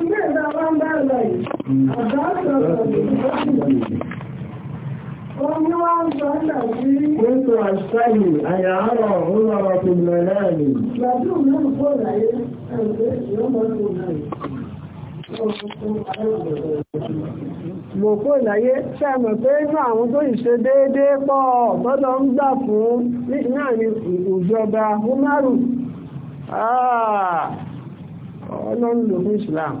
ilé ìgbà wá ń bẹ̀rẹ̀ lọ yìí ọ̀dọ́ sọ̀rọ̀ Omi wá ń sọ ṣàbí. Nínú àṣàyè àyàárọ̀ ńlọrọ̀ tó mẹ́lẹ́ ni. Gbàdúrà náà kó láyé ẹgbẹ́ ìyọ́mọ́ tó náà. Mo kó ìláyé ṣẹ́mọ̀ pé inú àwọn tó ìṣe déédé pọ̀ tọ́lọ ń gbà fún náà ni ìjọba Húmárù. Ah, ọlọ́run lòfin Ìsìlámù.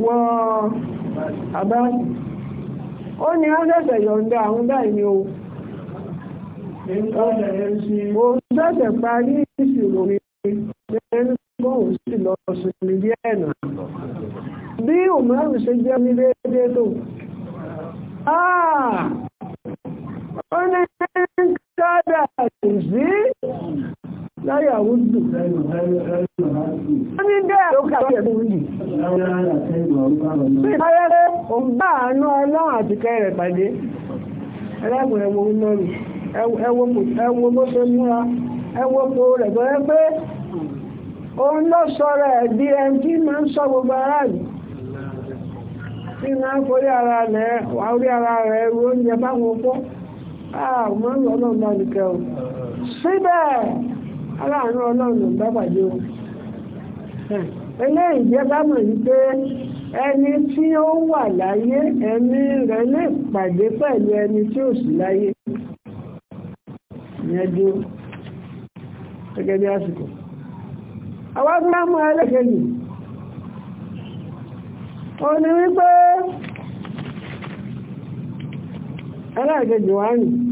wọ àbáyé ó ní ọ́sẹ̀sẹ̀ yọ̀ǹda àwọn báyìí o òun sẹ̀sẹ̀ parí ìṣirò mi lẹ́nu bóun sì lọ sinmi bí ẹ̀nà bí òmùrẹ́rù ṣe jẹ́ mi déédéé tó ah! ó ní kádà láyà ha ní bẹ́ẹ̀ ló kàrí ẹ̀bùn wúdù sí ìbáyẹ́rẹ́ òun bá àánú ọlọ́run àti kẹrẹ̀ pàdé ẹlẹ́gùn ẹwọ olórí ẹwọ bó ṣe múra ẹwọ po rẹ̀ gọ́rẹ́ pé òun lọ sọ̀rọ̀ ẹ̀ bí ẹni tí máa ń sọ gbogbo aráàlú tí máa ń forí ara rẹ̀ wà orí ara rẹ̀ ru oúnjẹ báwọn pọ́ àwọn ọmọ ọlọ́run bá nìkẹ́ o síbẹ̀ ala ọlọ́run ń bábàjẹ́ o eléyìí jẹ́ bá mọ̀ wípé ẹni tí ó wà láyé ẹ̀mí rẹ̀ lè pàdé pẹ̀lú ẹni tí ò sí láyé gẹ́gẹ́ bí àsìkò àwọn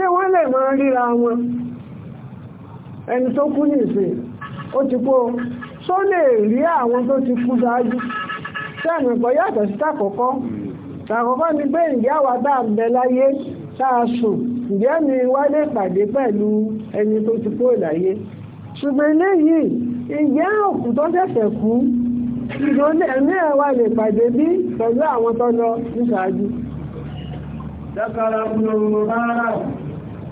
ṣé wọ́n lè máa ríra wọn ẹni tó kú ní ìsìn ó ti kó tó lè rí àwọn tó ti kú dájú sẹ́mi pọ̀ yàtọ̀ sí tàkọ́kọ́ tàkọ́kọ́ ni pé ìyá wa bá ń bẹ láyé tá a sùn ìyá mi wá lè pàdé pẹ̀lú ẹni tó ti kú láyé ṣùgbọ́n eléyìí ìyá òkú tó ṣẹ̀ṣẹ̀ kú ìdóní ẹ̀mí ẹ̀ wá lè pàdé bí pẹ̀lú àwọn tó lọ níṣáájú. dákàrà gbogbo rárá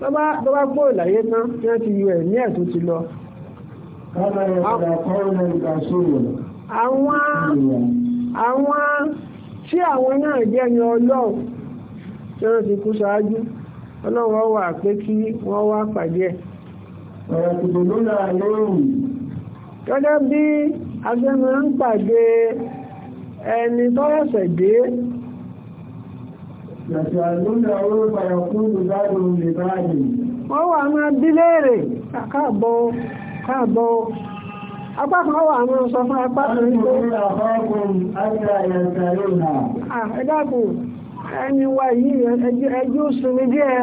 tó bá pọ̀ ìlàyé tán tí wọ́n ti yọ ẹ̀mí ti lọ. àwọn tí àwọn náà jẹ́ ni ọlọ́run tí wọ́n ti kú ṣáájú ọlọ́run wà pé kí wọ́n wá pàdé ẹ̀. gẹ́gẹ́ bí Wọ́n wà máa bí léèrè káàbọ̀ káàbọ̀ apá kan wà máa sọ fún apá kan tó ah, ẹni wà yìí ẹjú òsùn díẹ̀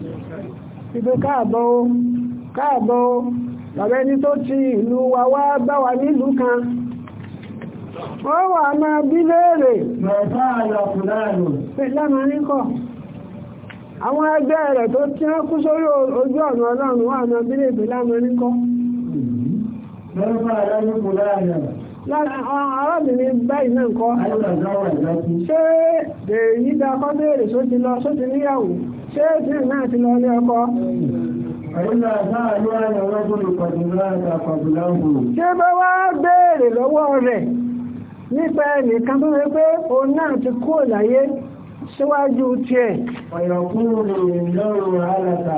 ìgbé káàbọ̀ o káàbọ̀ o bàbá ẹni tó ti ìlú wa wá bá wa nílùú kan wọ́n wà máa bí léèrè mẹ́ta àyàkùnláàrù àwọn ẹgbẹ́ rẹ̀ tó tí wọ́n kú sórí ojú ọ̀nà ọlọ́run wà máa bí léèrè lámọ́ríkọ́ arábìnrin báyìí náà kọ́ ṣé èyí dá kọ́ béèrè só ti lọ só ti níyàwó ṣé tí náà ti lọ ní ọkọ ṣé bá wá béèrè lọ́wọ́ rẹ̀ nípa ẹnìkan tó rẹ pé òun náà ti kú láyé síwájú tí ẹ̀ ọ̀yọ̀kúrò lọ́rùn alẹ́ta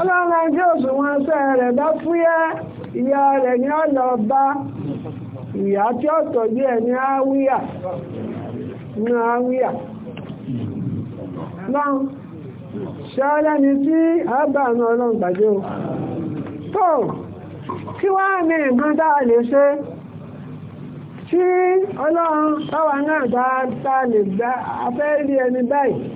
Ọlọ́run ẹjọ́ òṣùwọ̀n ẹsẹ̀ rẹ̀ bá fúyẹ́, ìyá rẹ̀ ni ó lọ bá ìyá tí ó tọ́jú ẹ̀ ní àwíyà. Ní àwíyà. Lọ́n, ṣẹ́lẹ́ ni tí àbà àmì ọlọ́run gbàjẹ́ o. Tó, kí wá ní nǹkan tá a lè ṣe tí ọlọ́run táwa náà tá a lè gbá afẹ́ rí ẹni báyìí.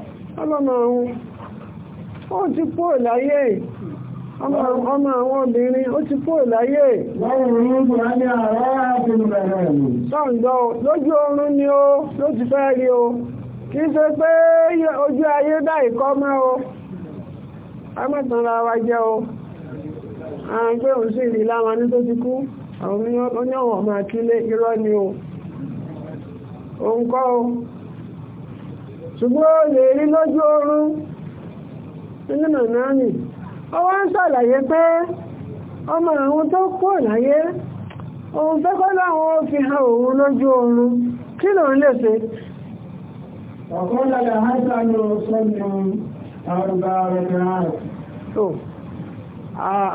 ọlọ́mọ àwọn ó ti pọ̀ ìláyé ọmọ àwọn obìnrin ó ti pọ̀ láyé lójú oorun ni ó ló ti fẹ́ rí o kìí ṣe pé ojú ayé dá ìkọ́ mọ́ o wa jẹ́ o àwọn pé òun sí ìrìlá wọn ní tó ti kú àwọn oníwọ̀n ṣùgbọ́n ó lè rí lójú oorun nínú mọ̀nàmì ó wá ń ṣàlàyé pé ọmọ àwọn tó kú ọ̀láyé ohun pẹ́kọ́ láwọn fi ha òun lójú oorun kí ló ń lè ṣe ọ̀pọ̀lọpọ̀ àìsànlò sọ́nà àrùgbà rẹ̀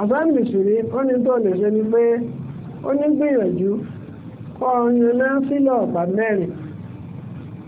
àbámìsìrí ó ní tó lè ṣe ni pé ó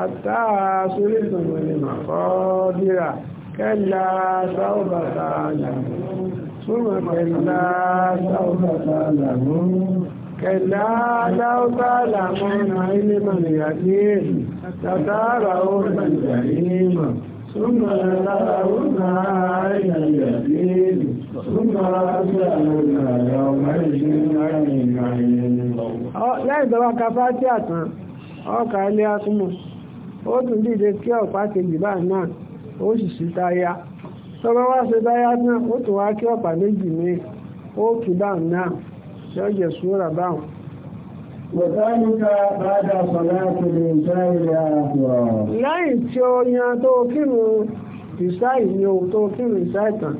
àtà sórí ìtùnú ni màkọ́ dírà kẹ́lá sáúbàtà làmú súnmọ̀ kẹ́lá sáúbàtà làmú kẹ́lá sáúbà làmú na ilé mọ̀lẹ̀yà sí èsì tàtàrà ó mọ̀lẹ̀yà ìmọ̀ súnmọ̀ lára ó máa ìyàlẹ̀ sí èsì súnmọ̀ lábẹ́ àwọn ìrìnàjò ọmọ ìṣẹ́ láì ìrìnàjò ọ̀ká ilé atúmọ̀ ó tún dìde kí ọ̀pá kejì bá náà ó sì sí táyà tọ́bá wá ṣe táyà náà ó tún wá kí ọ̀pá méjì ní ó kì bá náà tí ó jẹ sùúrà báwọn. Wọ̀táníkà bàdà sọ̀lá ti lè jẹ́ ilé àgbà. Lẹ́yìn tí ó yan tó kírun ìsáì ni o tó kírun ìsáì tán.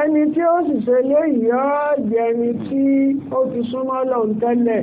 Ẹni tí ó sì ṣe léyìí ọ́ jẹni tí ó ti súnmọ́ lọ́n tẹ́lẹ̀.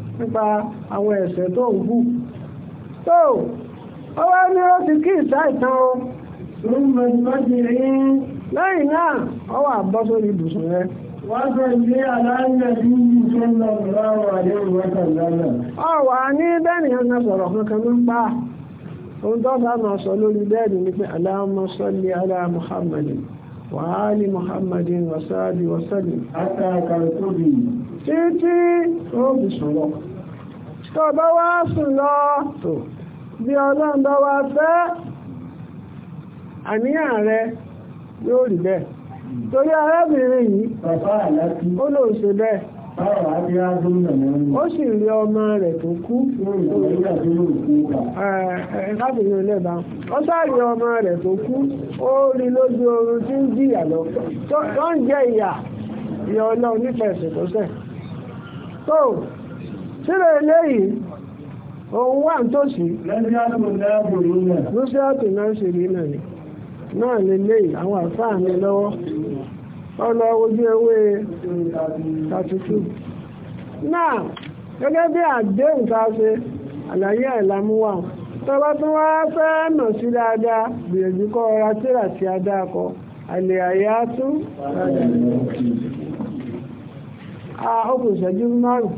nípa àwọn ẹ̀ṣẹ̀ tó ń bù tó ó wá ní ó ti kí ìta ìtàn o lẹ́yìn náà ó wà bọ́ sórí ibùsùn rẹ̀ Ọwà ní bẹ́ẹ̀ni ọ̀nà sọ̀rọ̀ kankan ló ń pa. Ohun tó bá máa sọ lórí bẹ́ẹ̀ni ní pé Allahumma salli ala Muhammadin wa ali Muhammadin wa salli wa sallim. Àtàkàrẹ̀ tóbi. Títí ó bì sọ̀rọ̀. tó bá wá sùn lọ bí ọlọ́run bá wá fẹ́ àníyàn rẹ yóò rí bẹ́ torí arábìnrin yìí ó lò ṣe bẹ́ ó sì rí ọmọ rẹ̀ tó kú ó sáàrí ọmọ rẹ̀ tó kú ó rí lójú oorun tí ń jìyà lọ tó ń jẹ ìyà ọlọ́run sílẹ̀ eléyìí òun wà nítòsí lọ́síàtò náà ṣe rí náà ni náà lè léyìí àwọn àfáà mi lọ́wọ́ ọ̀nà ojú ewé 32 náà gẹ́gẹ́ bí àdéhùn tá a ṣe àlàyé àìlàmúwà tọ́lá tí wọ́n fẹ́ nà sí dáadáa gbìyànjú kọ́ ọra tíra tí a dáa kọ àlè àyà tún ọkùnrin ìṣẹ́jú márùn-ún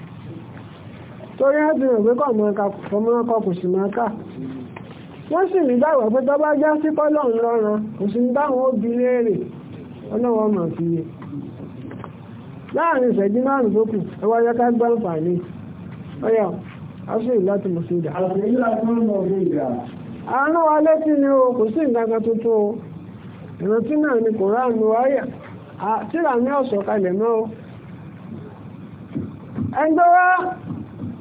torí ẹ́bìnrin pé kọ̀mọ́kọ kò sì máa ká wọ́n sì rí dáwọ̀ pé bá já sí kọ́lọ̀ ńlọ́ran kò dáwọn òbí léèrè ọlọ́wọ́ mà fi yẹ láàrin ìṣẹ́jú márùn tó kù ẹwà yẹ ká ìfàní ọyà aṣọ ìláti mọ̀sídà àánú wa létí ni o kò sí tuntun o ìrántí náà ni kò wáyà tíra ní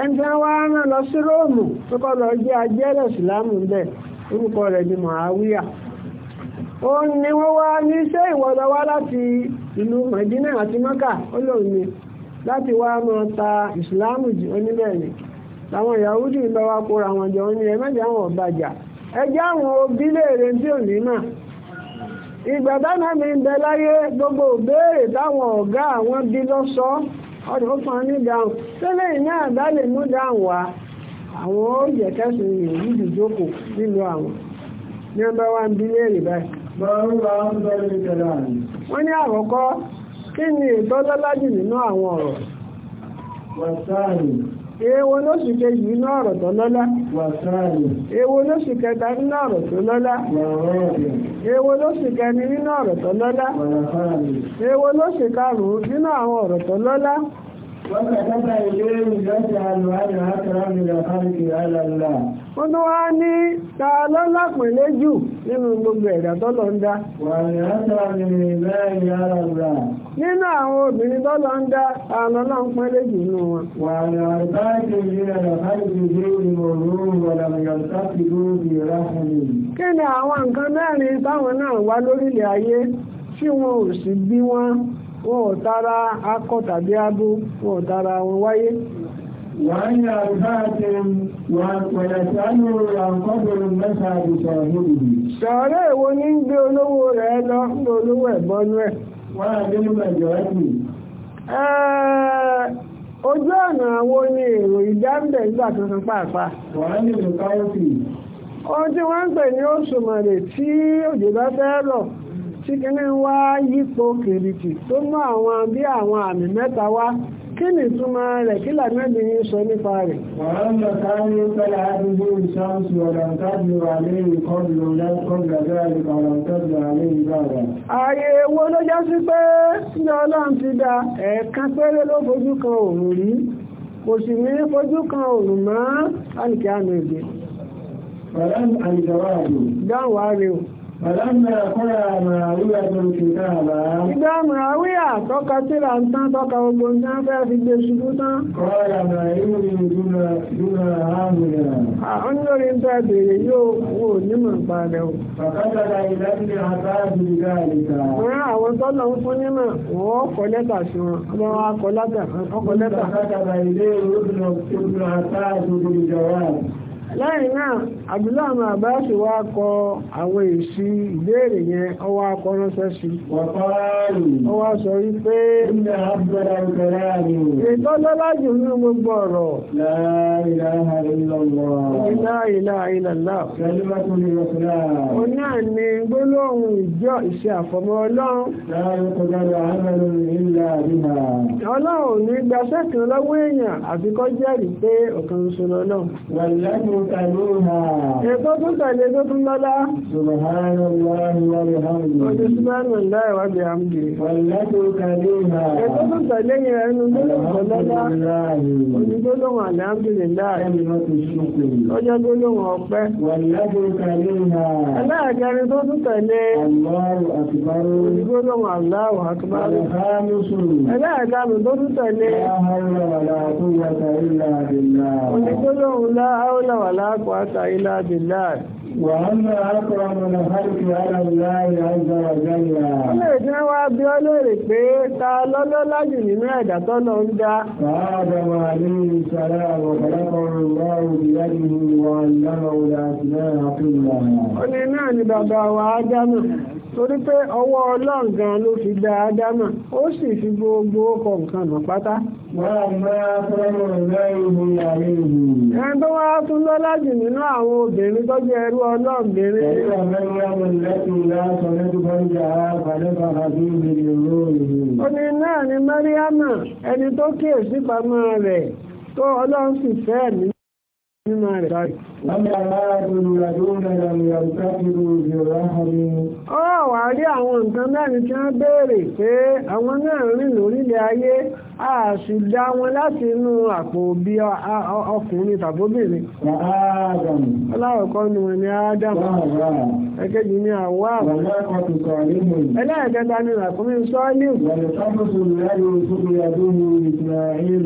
ẹnjẹ́ wá rán lọ sí róòmù tó kọ́ lọ jẹ́ ajẹ́rẹ̀ ìsìlámù bẹ̀ orúkọ rẹ̀ ni mọ̀háwíyà ó ní wọ́n wá ní iṣẹ́ wá láti ìlú mẹ̀dínà àti mọ́kà ni láti wá máa ta ìsìlámù jù oníbẹ̀ẹ̀ni làwọn yahudi lọ wá kóra wọn jọ ní ẹ̀mẹ́jẹ̀ àwọn ọ̀bàjà ẹjẹ́ àwọn òbí léèrè tí ò ní mà gbogbo òbéèrè táwọn ọ̀gá àwọn bí lọ́sọ́ọ́ ọ̀dọ̀ fún ní dáhùn tẹ́lẹ̀ iná àbá mú dáhùn wá àwọn oúnjẹ kẹsùn yìí yìí jókòó nílùú àwọn ní ọba wa ń bí léèrè báyìí. wọ́n ní àkọ́kọ́ kí ni ìtọ́lọ́lájì èwo lóṣù kejì inú ọ̀rọ̀ tó lọ́lá èwo lóṣù kẹta nínú ọ̀rọ̀ tó lọ́lá èwo lóṣù kẹni nínú ọ̀rọ̀ tó lọ́lá èwo lóṣù karùn-ún nínú àwọn ọ̀rọ̀ tó lọ́lá وكتب إليه يجعل أن أكرم الخلق على الله ó tó wá ní ta lọ́lápẹ̀lẹ́ jù nínú gbogbo ẹ̀dà tọ́lọ ń dá nínú àwọn obìnrin tọ́lọ ń dá àlọ́lọ́ ń pẹ́lẹ́ jù nínú wọn kí ni àwọn nǹkan mẹ́rin táwọn náà wá lórílẹ̀ ayé tí wọn ò sì bí wọn wọn ò tara akọ tàbí abo wọn ò tara wọn wáyé. wàhálà àbáàtẹ wàyàtàlù àǹkọ́bẹ̀rẹ̀ mẹ́ta àbùsọ̀ níbi. sọ̀rọ̀ èwo ní ń gbé olówó rẹ̀ lọ ń lo olówó ẹ̀. wọ́n ojú ọ̀nà ni èrò ìjà nígbà tuntun pàápàá. ìlú ohun tí wọ́n ń pè tí kìíní wá yípo kìrìkì tó mú àwọn bí àwọn àmì mẹ́ta wá kí ni túnmọ̀ rẹ̀ kí lànàbí ní sọ nípa rẹ̀ ààyè owó ló já sí pé ní ọlọ́run ti dá ẹ̀ẹ̀kan péré ló fojú kan òòrùn rí kò sì ní fojú kan òòrùn mọ́ Ìgbà Màáwíà tọ́ka tí ra ń tán tọ́ka ogbò ń tán fẹ́ fi gbé ṣubú tán. Kọ́ọ̀lá Màáwíà ní ìdúnà àmìnà. Àwọn lórí ń tọ́ bèèrè yóò wò nímọ̀ parẹ́ o. Bàbájára ìlànà àbáàbì ìgbàlìkà. Wọ́n àwọn tọ́lọ̀ ń fún nímọ̀ wọ́n kọ lẹ́tà sí wọn. Ọmọ wa kọ lẹ́tà. Bàbájára ilé ìrúbìnà lẹ́yìn náà àbúlá àmà àbáṣe wá kọ àwọn èsì ìbéèrè yẹn ọwọ́ akọ́ránṣẹ́ sí ọwọ́ sọ wípé ìtọ́lọ́lájù ní gbogbo ọ̀rọ̀ la ilaha illallah o náà ni gbólóhùn ìjọ ìṣe àfọmọ́ ọlọ́run ọlọ́run ní gbaṣẹ́ kan lọ́wọ́ èèyàn àfikọ́ jẹ́rìí pé ọ̀kan ṣoṣo lọ́lọ́run tẹ̀léha. Ètò tún tẹ̀lé tó tún lọ́lá. Subhanallahi wa bihamdihi. Oṣù Subhanallahi wa bihamdihi. Wàlẹ́ tó tẹ̀léha. Ètò tún tẹ̀lé yẹn ẹnu tó lọ́lá. Oṣù tó lọ́wọ́ alhamdulillah. ولا قوة إلا بالله وأن أكرم الخلق على الله عز وجل. Ilé ìdí wa bí ó lérè pé ta lọ́lọ́lá jù nínú ẹ̀dá tó lọ ń dá. Fàádàmà ní ìṣẹ̀lẹ̀ àwọ̀kọ̀lọ́kọ̀rọ̀ lọ́rùn ìyájú wa lọ́rọ̀ ìyájú náà fún ìlànà. Ó ní náà ni bàbá wa Ádámù. torí pé ọwọ́ ọlọ́run gan ló fi dá ádámà ó sì fi gbogbo ọkọ̀ nǹkan mọ̀ pátá. ẹni tó wá tún lọ́lá jù nínú àwọn obìnrin tó jẹ́ ẹrú ọlọ́run bèrè. ó ní náà ni mẹ́ríámà ẹni tó kíyèsí pamọ́ rẹ̀ tó ọlọ́run sì fẹ́ ẹ̀mí nínú rẹ̀ Ọ wà rí àwọn nǹkan mẹ́rin tí wọ́n béèrè pé àwọn náà rìn lórílẹ̀ ayé a sì dá wọn láti inú àpò bí ọkùnrin tàbóbìnrin. Aláwọ̀kọ́ ni wọ́n ni Ádámù. Ẹkẹ́jì ni àwọ́ àwọn. Ẹlẹ́ẹ̀kẹta ni ràkúnmí sọ́ọ́lì. Ẹkẹ́rin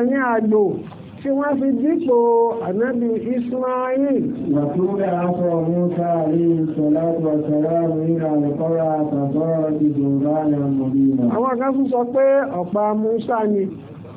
ẹ̀yìn àgbò lò tí wọ́n fi dípò ànábì Ismail. Nàtúrà sọ Musa alayhi salatu wa salam ìrà ìkọ́ra àtàtọ́rọ̀ ti náà. Àwọn kan sọ pé ọ̀pá Musa ni.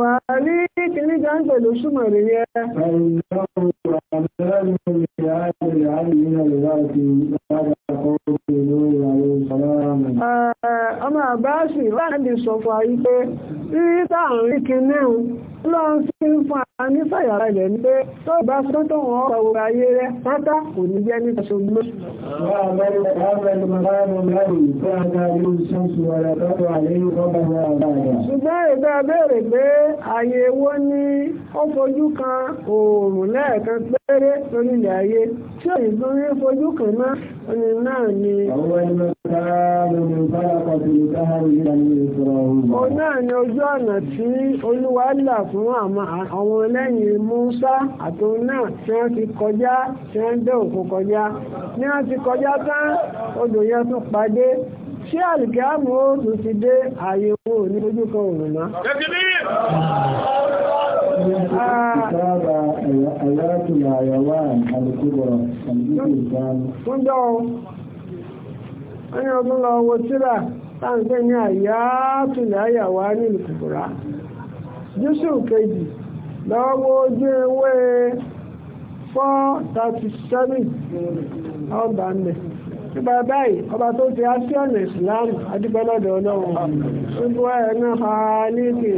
wà ní kìíní gan pẹ̀lú súnmọ̀ rí yẹ. ọmọ àbáṣì láti sọ fún ayé pé rí táàrin kìíní lọ́n sí fún a ní fàyàrá ilẹ̀ ní pé tó bá tó tó wọn ọ̀pọ̀ ogun ayé rẹ pátá kò ní jẹ́ ní ṣogbó ṣùgbọ́n ìgbà bẹ̀rẹ̀ pé ayé wo ní ó fojú kan oòrùn lẹ́ẹ̀kan péré lórílẹ̀ ayé tí òyìnbó rí fojú kan náà ni náà ni Ọ̀nà ni ojú ọ̀nà tí Olúwa là fún àwọn lẹ́yìn Músá àtòun náà tí wọ́n ti kọjá tí wọ́n dé òkun kọjá. Ní wọ́n ti kọjá tán, odò yẹn tún pàdé. Ṣé àlùkẹ́ àmú oòrùn ti dé ààyè owó ní ojú kan òrùn mọ́? Ṣé onye ní ọdún lọ wo tíra táǹkẹ́ ní àyà tùlẹ̀ àyàwó ní ìlùkùkùrá jésù kejì lọ́wọ́ ojú ewé 437 ọba ń bẹ̀ nípa báyìí ọba tó ti áṣíọ̀nù ìsìláàmù adúgbọ́lọ́dọ̀ ọlọ́run ṣùgbọ́n ẹ̀ náà ní kìí